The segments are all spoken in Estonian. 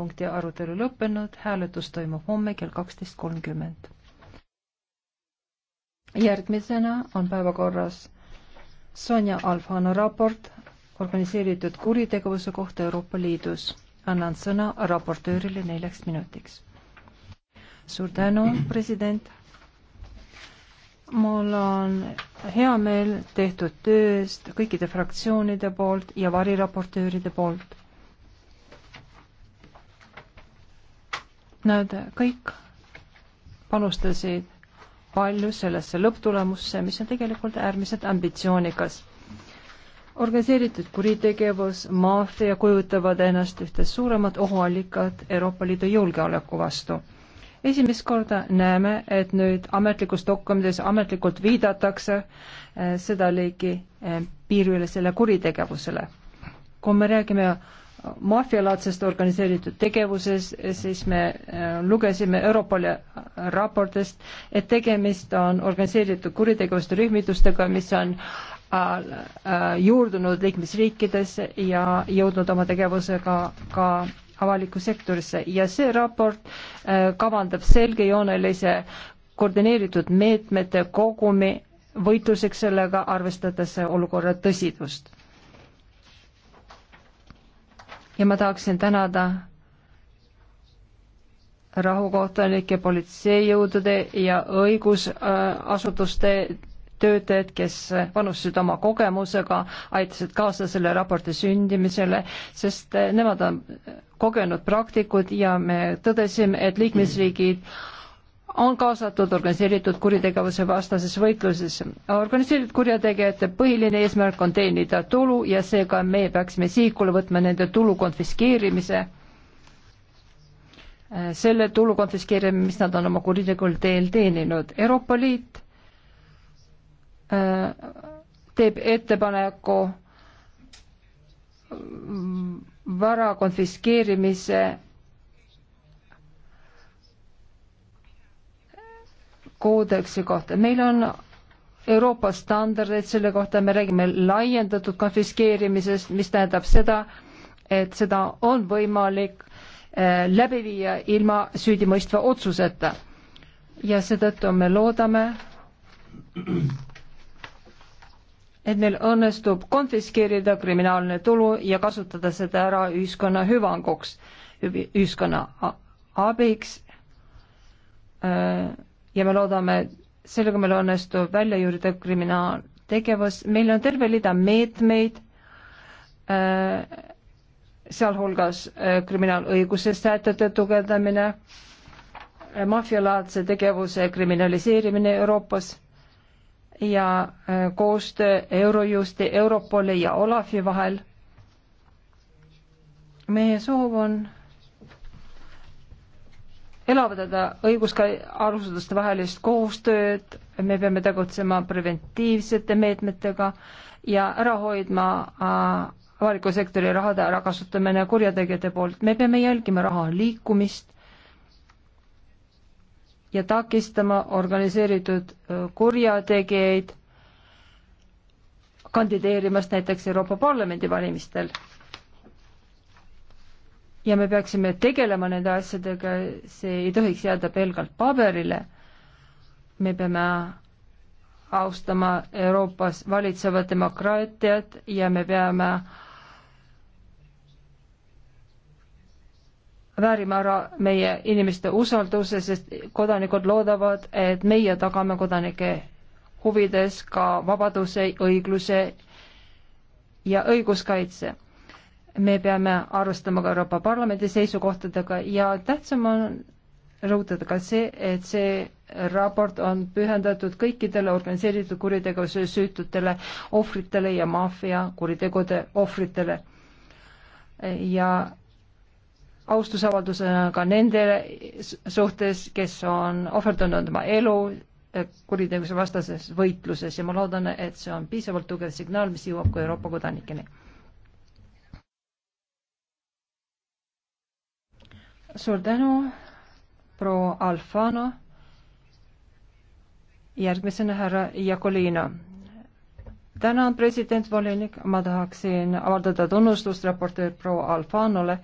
punkti arutelu lõppenud, hääletus toimub homme kell kaksteist kolmkümmend. järgmisena on päevakorras Sonja Alfano raport organiseeritud kuritegevuse kohta Euroopa Liidus. annan sõna raportöörile neljaks minutiks. suur tänu, president. mul on hea meel tehtud töö eest kõikide fraktsioonide poolt ja variraportööride poolt Nad kõik panustasid palju sellesse lõpptulemusse, mis on tegelikult äärmiselt ambitsioonikas. organiseeritud kuritegevus, maffia kujutavad ennast ühte suuremat ohuallikat Euroopa Liidu julgeoleku vastu. esimest korda näeme, et nüüd ametlikus dokumendis ametlikult viidatakse eh, seda liigi eh, piiriülesele kuritegevusele. kui me räägime maffialaadsest organiseeritud tegevuses, siis me äh, lugesime Europoli raportist, et tegemist on organiseeritud kuritegevuste rühmitustega, mis on äh, äh, juurdunud liikmesriikides ja jõudnud oma tegevusega ka avalikku sektorisse ja see raport kavandab selgejoonelise koordineeritud meetmete kogumi võitluseks sellega, arvestades olukorra tõsidust ja ma tahaksin tänada rahukohtunike, politseijõudude ja õigusasutuste töötajad, kes panustasid oma kogemusega, aitasid kaasa selle raporti sündimisele, sest nemad on kogenud praktikud ja me tõdesime, et liikmesriigid mm on kaasatud organiseeritud kuritegevuse vastases võitluses. organiseeritud kurjategijate põhiline eesmärk on teenida tulu ja seega me peaksime sihikule võtma nende tulu konfiskeerimise, selle tulu konfiskeerimine, mis nad on oma kuritegul teel teeninud. Euroopa Liit äh, teeb ettepaneku vara konfiskeerimise koodeksi kohta. meil on Euroopa standardid selle kohta, me räägime laiendatud konfiskeerimisest, mis tähendab seda, et seda on võimalik eh, läbi viia ilma süüdimõistva otsuseta. ja seetõttu me loodame, et meil õnnestub konfiskeerida kriminaalne tulu ja kasutada seda ära ühiskonna hüvanguks, ühiskonna abiks äh, ja me loodame, sellega meil õnnestub välja juurida kriminaaltegevus, meil on terve rida meetmeid äh,, sealhulgas äh, kriminaalõiguse sätete tugevdamine äh,, maffialaadse tegevuse kriminaliseerimine Euroopas ja äh, koostöö Eurojusti, Europoli ja Olafi vahel. meie soov on elavdada õiguskaitseasutuste vahelist koostööd, me peame tegutsema preventiivsete meetmetega ja ära hoidma äh, avaliku sektori rahade ärakasutamine kurjategijate poolt, me peame jälgima raha liikumist ja takistama organiseeritud äh, kurjategijaid kandideerimast näiteks Euroopa Parlamendi valimistel ja me peaksime tegelema nende asjadega, see ei tohiks jääda pelgalt paberile. me peame austama Euroopas valitsevat demokraatiat ja me peame väärima ära meie inimeste usalduse, sest kodanikud loodavad, et meie tagame kodanike huvides ka vabaduse, õigluse ja õiguskaitse me peame arvestama ka Euroopa Parlamendi seisukohtadega ja tähtsam on rõhutada ka see, et see raport on pühendatud kõikidele organiseeritud kuritegevuse süütutele ohvritele ja maffia kuritegude ohvritele. ja austusavaldusena ka nendele suhtes, kes on ohverdanud oma elu kuritegevuse vastases võitluses ja ma loodan, et see on piisavalt tugev signaal, mis jõuab ka Euroopa kodanikeni suur tänu, proua Alfano. järgmisena härra Jakolina. tänan, president volinik, ma tahaksin avaldada tunnustust raportöör proua Alfanole,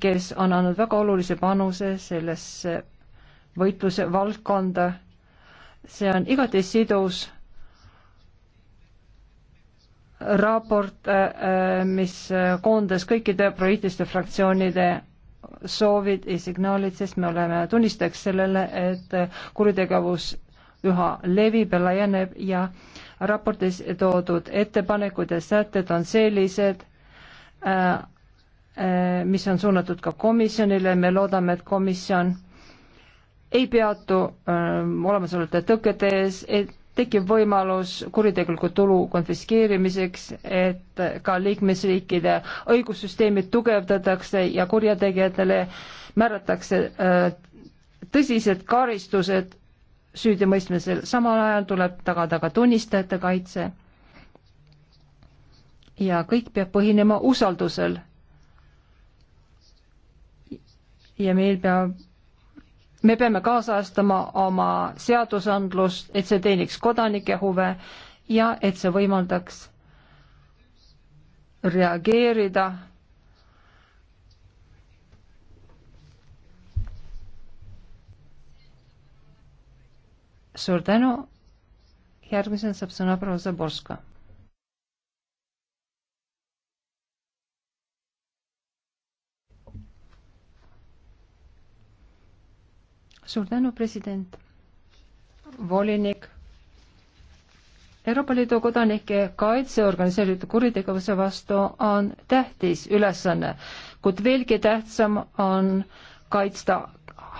kes on andnud väga olulise panuse sellesse võitluse valdkonda. see on igati sidus raport, mis koondas kõikide poliitiliste fraktsioonide soovid ja signaalid, sest me oleme tunnistajaks sellele, et kuritegevus üha levib ja laieneb ja raportis toodud ettepanekud ja sätted on sellised äh,, äh, mis on suunatud ka komisjonile, me loodame, et komisjon ei peatu äh, olemasolevate tõkete ees, et tekib võimalus kuritegeliku tulu konfiskeerimiseks, et ka liikmesriikide õigussüsteemi tugevdatakse ja kurjategijatele määratakse äh, tõsised karistused süüdimõistmisel, samal ajal tuleb tagada ka tunnistajate kaitse. ja kõik peab põhinema usaldusel. ja meil peab me peame kaasajastama oma seadusandlust, et see teeniks kodanike huve ja et see võimaldaks reageerida Suur tänu. järgmisena saab sõna proua Zaborska suur tänu, president, volinik. Euroopa Liidu kodanike kaitse organiseeritud kuritegevuse vastu on tähtis ülesanne, kuid veelgi tähtsam on kaitsta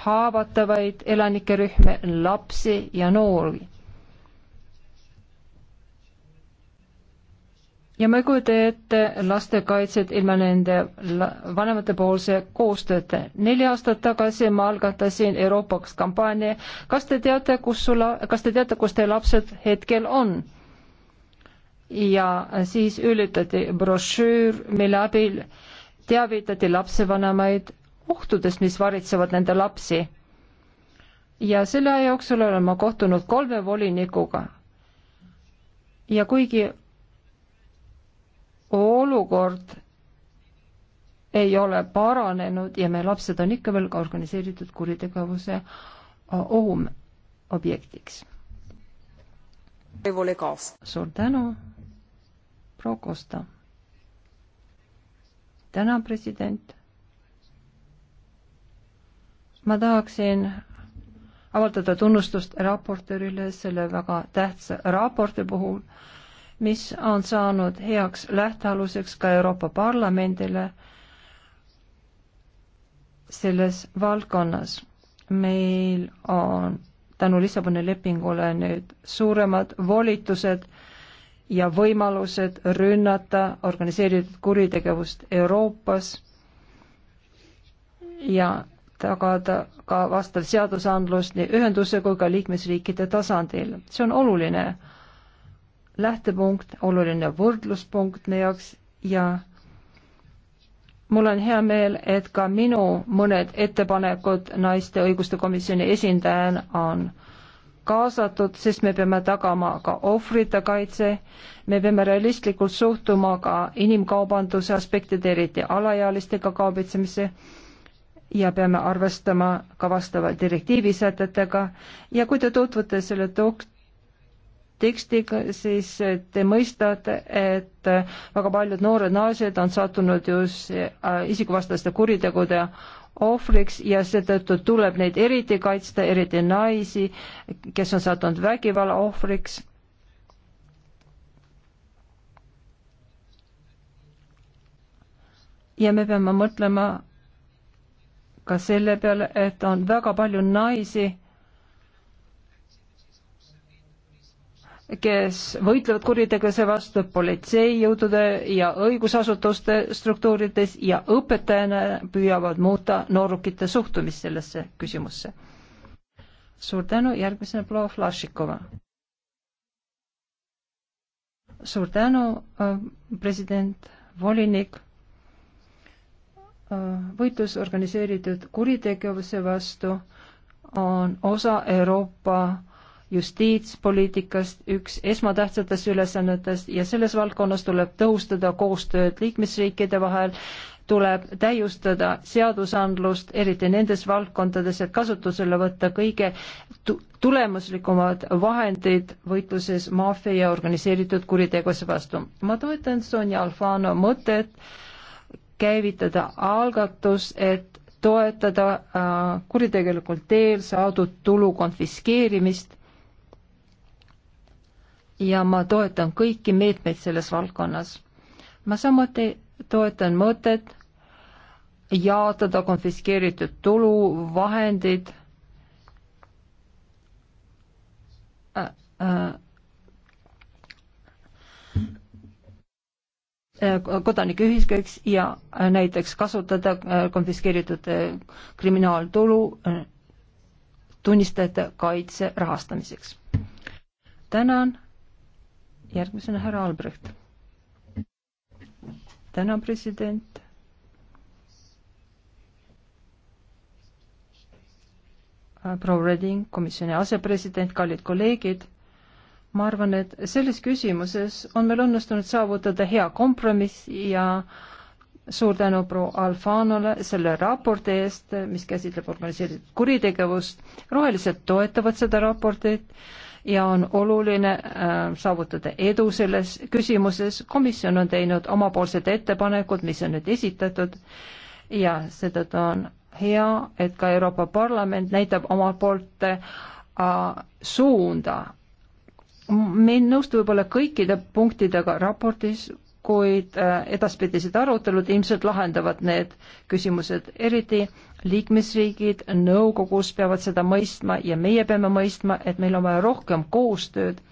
haavatavaid elanike rühme, lapsi ja noori ja ma ei kujuta ette lastekaitset ilma nende vanematepoolse koostööta. neli aastat tagasi ma algatasin Euroopaks kampaania Kas te teate, kus sul, kas te teate, kus teie lapsed hetkel on? ja siis üllitati brošüür, mille abil teavitati lapsevanemaid ohtudest, mis varitsevad nende lapsi. ja selle aja jooksul olen ma kohtunud kolme volinikuga. ja kuigi olukord ei ole paranenud ja meie lapsed on ikka veel ka organiseeritud kuritegevuse äh, ohum objektiks. suur tänu, proua Kosta. tänan, president. ma tahaksin avaldada tunnustust raportöörile selle väga tähtsa raporti puhul mis on saanud heaks lähtealuseks ka Euroopa Parlamendile selles valdkonnas. meil on tänu Lissaboni lepingule nüüd suuremad volitused ja võimalused rünnata organiseeritud kuritegevust Euroopas ja tagada ka vastav seadusandlus nii ühenduse kui ka liikmesriikide tasandil. see on oluline lähtepunkt, oluline võrdluspunkt meie jaoks ja mul on hea meel, et ka minu mõned ettepanekud naiste õiguste komisjoni esindajana on kaasatud, sest me peame tagama ka ohvrite kaitse, me peame realistlikult suhtuma ka inimkaubanduse aspektide, eriti alaealistega kaubitsemisse ja peame arvestama ka vastava direktiivi sätetega ja kui te tutvute selle dok-, tekstiga, siis te mõistate, et väga paljud noored naised on sattunud just äh, isikuvastaste kuritegude ohvriks ja seetõttu tuleb neid eriti kaitsta, eriti naisi, kes on sattunud vägivalla ohvriks ja me peame mõtlema ka selle peale, et on väga palju naisi, kes võitlevad kuritegevuse vastu politseijõudude ja õigusasutuste struktuurides ja õpetajana püüavad muuta noorukite suhtumist sellesse küsimusse. suur tänu, järgmisena proua Flašikova. suur tänu, äh, president, volinik. Äh, võitlus organiseeritud kuritegevuse vastu on osa Euroopa justiitspoliitikast üks esmatähtsatest ülesannetest ja selles valdkonnas tuleb tõhustada koostööd liikmesriikide vahel, tuleb täiustada seadusandlust, eriti nendes valdkondades, et kasutusele võtta kõige tulemuslikumad vahendid võitluses maffia ja organiseeritud kuritegevuse vastu. ma toetan Sonja Alfano mõtet käivitada algatus, et toetada äh, kuritegelikul teel saadud tulu konfiskeerimist ja ma toetan kõiki meetmeid selles valdkonnas. ma samuti toetan mõtet jaotada konfiskeeritud tulu, vahendid äh,. Äh, kodanike ühiskõiks ja näiteks kasutada äh, konfiskeeritud äh, kriminaaltulu äh, tunnistajate kaitse rahastamiseks. tänan järgmisena härra Albrecht. täna president. Äh, proua Reding, komisjoni asepresident, kallid kolleegid. ma arvan, et selles küsimuses on meil õnnestunud saavutada hea kompromiss ja suur tänu proua Alfanole selle raporti eest, mis käsitleb organiseeritud kuritegevust. rohelised toetavad seda raportit ja on oluline äh, saavutada edu selles küsimuses. komisjon on teinud omapoolsed ettepanekud, mis on nüüd esitatud ja seetõttu on hea, et ka Euroopa Parlament näitab omalt poolt äh, suunda. me ei nõustu võib-olla kõikide punktidega raportis, kuid äh, edaspidised arutelud ilmselt lahendavad need küsimused, eriti liikmesriigid nõukogus peavad seda mõistma ja meie peame mõistma, et meil on vaja rohkem koostööd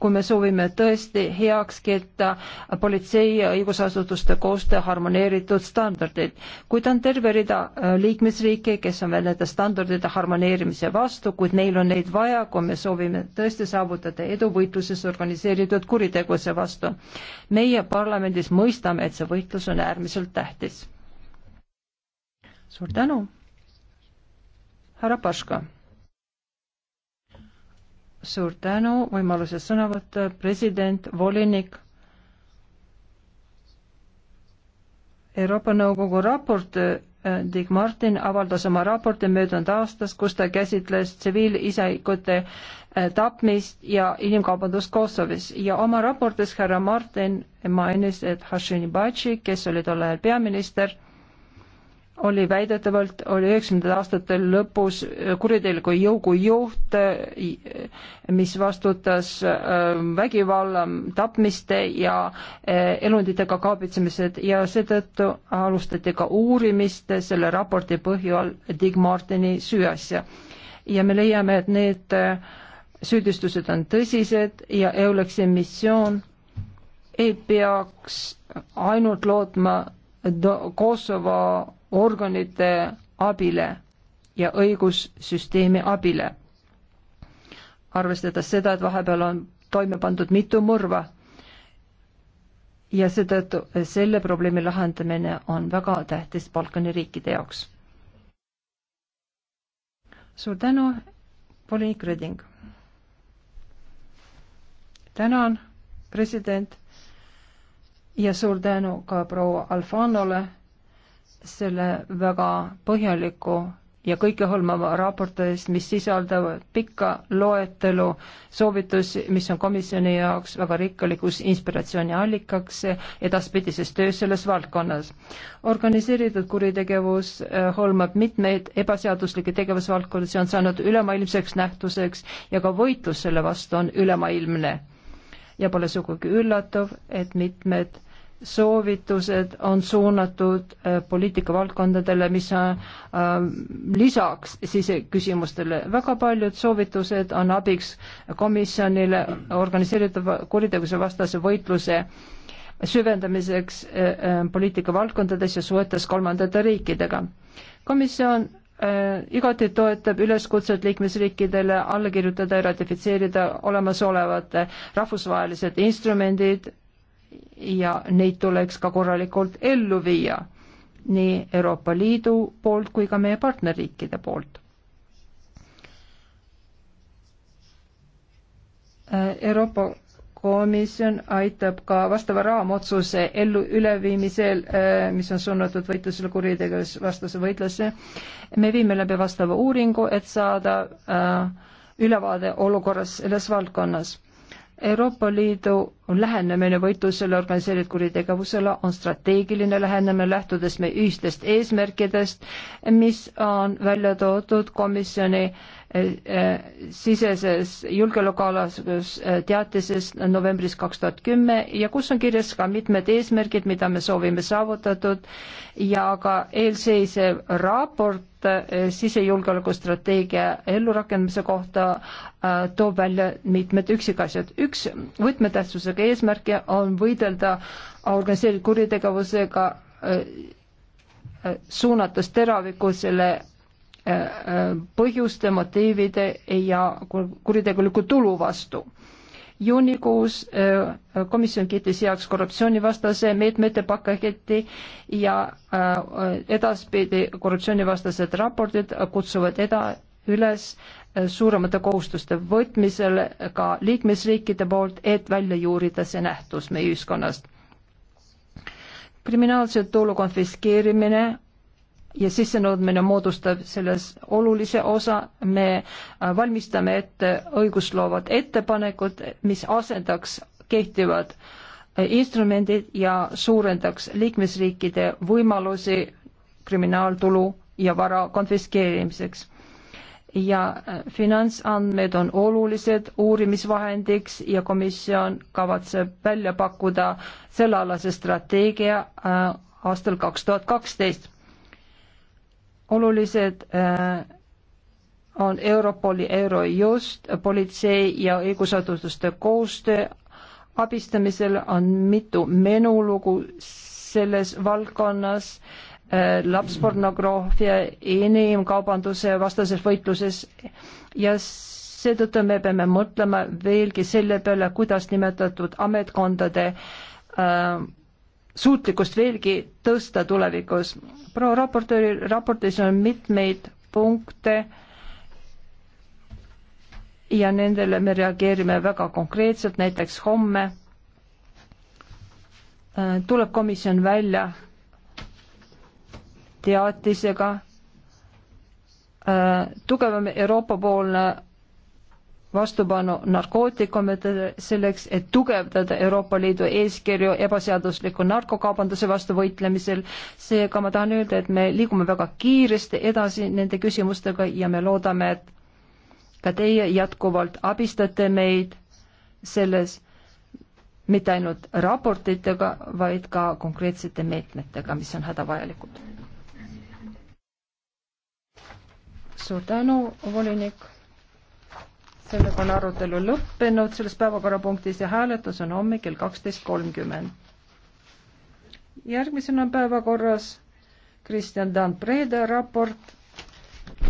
kui me soovime tõesti heaks kiita politsei ja õigusasutuste koostöö harmoneeritud standardid. kuid on terve rida äh, liikmesriike, kes on veel nende standardite harmoneerimise vastu, kuid neil on neid vaja, kui me soovime tõesti saavutada edu võitluses organiseeritud kuritegevuse vastu. meie parlamendis mõistame, et see võitlus on äärmiselt tähtis. suur tänu, härra Paška suur tänu võimaluse sõna võtta, president, volinik. Euroopa Nõukogu raport äh, Dick Martin avaldas oma raporti möödunud aastas, kus ta käsitles tsiviilisikute äh, tapmist ja inimkaubandust Kosovos ja oma raportis härra Martin mainis, et Hashim Bachi, kes oli tol ajal peaminister oli väidetavalt, oli üheksakümnendate aastate lõpus äh, kuritegeliku jõugu juht, äh, mis vastutas äh, vägivalla, tapmiste ja elunditega kaabitsemised ja seetõttu alustati ka uurimist selle raporti põhjal Dig Martini süüasja. ja me leiame, et need süüdistused on tõsised ja Euleksi missioon ei peaks ainult lootma Kosovo organite abile ja õigussüsteemi abile. arvestades seda, et vahepeal on toime pandud mitu mõrva ja seetõttu selle probleemi lahendamine on väga tähtis Balkani riikide jaoks. suur tänu, Pauliin Kröding. tänan, president ja suur tänu ka proua Alfanole selle väga põhjaliku ja kõikehõlmava raporti eest, mis sisaldavad pikka loetelu soovitusi, mis on komisjoni jaoks väga rikkalikuks inspiratsiooniallikaks edaspidises töös selles valdkonnas. organiseeritud kuritegevus äh, hõlmab mitmeid ebaseaduslikke tegevusvaldkondi, see on saanud ülemaailmseks nähtuseks ja ka võitlus selle vastu on ülemaailmne. ja pole sugugi üllatav, et mitmed soovitused on suunatud äh, poliitikavaldkondadele, mis on äh, äh, lisaks siseküsimustele. väga paljud soovitused on abiks komisjonile organiseeritava kuritegevuse vastase võitluse süvendamiseks poliitikavaldkondades ja suhetes kolmandate riikidega. komisjon igati toetab üleskutset liikmesriikidele alla kirjutada ja ratifitseerida olemasolevad rahvusvahelised instrumendid, ja neid tuleks ka korralikult ellu viia nii Euroopa Liidu poolt kui ka meie partnerriikide poolt. Euroopa Komisjon aitab ka vastava raamotsuse ellu üleviimisel, mis on suunatud võitlusele kuritegevus vastase võitluse. me viime läbi vastava uuringu, et saada äh, ülevaade olukorras selles valdkonnas. Euroopa Liidu on lähenemine võitlusele organiseeritud kuritegevusele, on strateegiline lähenemine, lähtudes meie ühistest eesmärkidest, mis on välja toodud komisjoni eh, eh, siseses julgeolekualases eh, teatises novembris kaks tuhat kümme ja kus on kirjas ka mitmed eesmärgid, mida me soovime saavutatud ja ka eelseisev raport sisejulgeolekustrateegia ellurakendamise kohta toob välja mitmed üksikasjad. üks võtmetähtsusega selge eesmärk on võidelda organiseeritud kuritegevusega, äh, äh, suunates teraviku selle äh, põhjuste, motiivide ja kuritegeliku tulu vastu juunikuus komisjon kiitis heaks korruptsioonivastase meetmete paketi ja edaspidi korruptsioonivastased raportid kutsuvad eda-, üles äh, suuremate kohustuste võtmisel ka liikmesriikide poolt, et välja juurida see nähtus meie ühiskonnast. kriminaalse tulu konfiskeerimine ja sissenõudmine moodustab selles olulise osa, me äh, valmistame ette õigustloovad ettepanekud, mis asendaks kehtivad äh, instrumendid ja suurendaks liikmesriikide võimalusi kriminaaltulu ja vara konfiskeerimiseks ja äh, finantsandmed on olulised uurimisvahendiks ja komisjon kavatseb välja pakkuda sellealase strateegia äh, aastal kaks tuhat kaksteist. olulised äh, on Europoli, Eurojust, politsei ja õigusasutuste koostöö abistamisel on mitu menulugu selles valdkonnas äh, Äh, lapspornograafia inimkaubanduse vastases võitluses ja seetõttu me peame mõtlema veelgi selle peale, kuidas nimetatud ametkondade äh, suutlikkust veelgi tõsta tulevikus. proua raportööri raportis on mitmeid punkte ja nendele me reageerime väga konkreetselt, näiteks homme äh, tuleb komisjon välja teatisega äh, tugevam Euroopa-poolne vastupanu narkootikumidele selleks, et tugevdada Euroopa Liidu eeskirju ebaseadusliku narkokaubanduse vastu võitlemisel. seega ma tahan öelda, et me liigume väga kiiresti edasi nende küsimustega ja me loodame, et ka teie jätkuvalt abistate meid selles mitte ainult raportitega, vaid ka konkreetsete meetmetega, mis on hädavajalikud suur tänu, volinik. sellega on arutelu lõppenud selles päevakorrapunktis ja hääletus on homme kell kaksteist kolmkümmend. järgmisena on päevakorras Kristjan Dan Preda raport